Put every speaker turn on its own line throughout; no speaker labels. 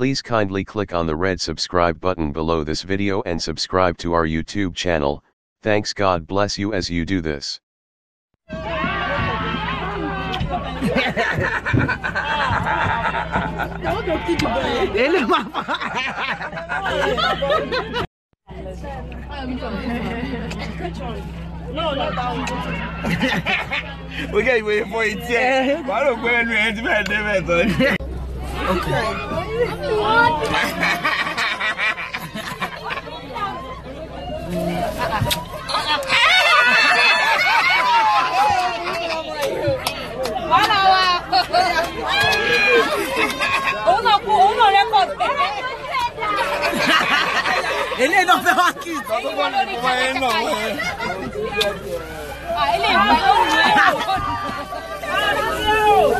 Please kindly click on the red subscribe button below this video and subscribe to our YouTube channel, thanks God bless you as you do this. No, no, We for don't Ele é não deu aqui. Não vai ele é não. Ah, ele vai. É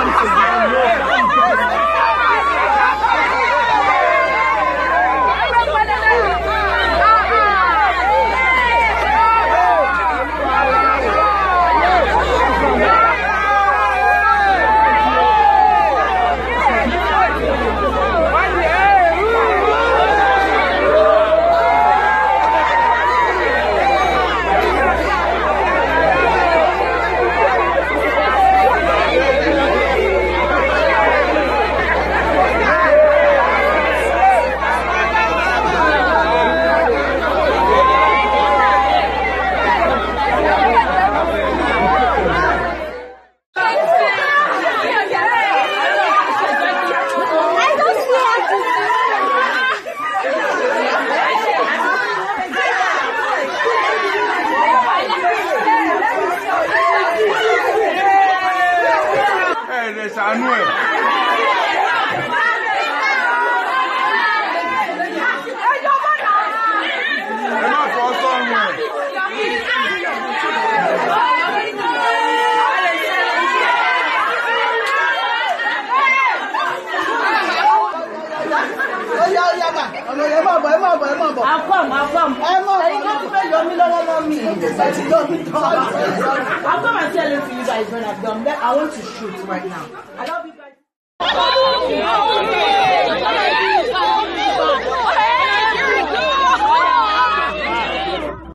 nínú ẹ̀. ẹ má fọ́ sọ́run ẹ̀. that you don't do. I'll come and tell it to you guys when I've done that. I want to shoot right now. I love you guys.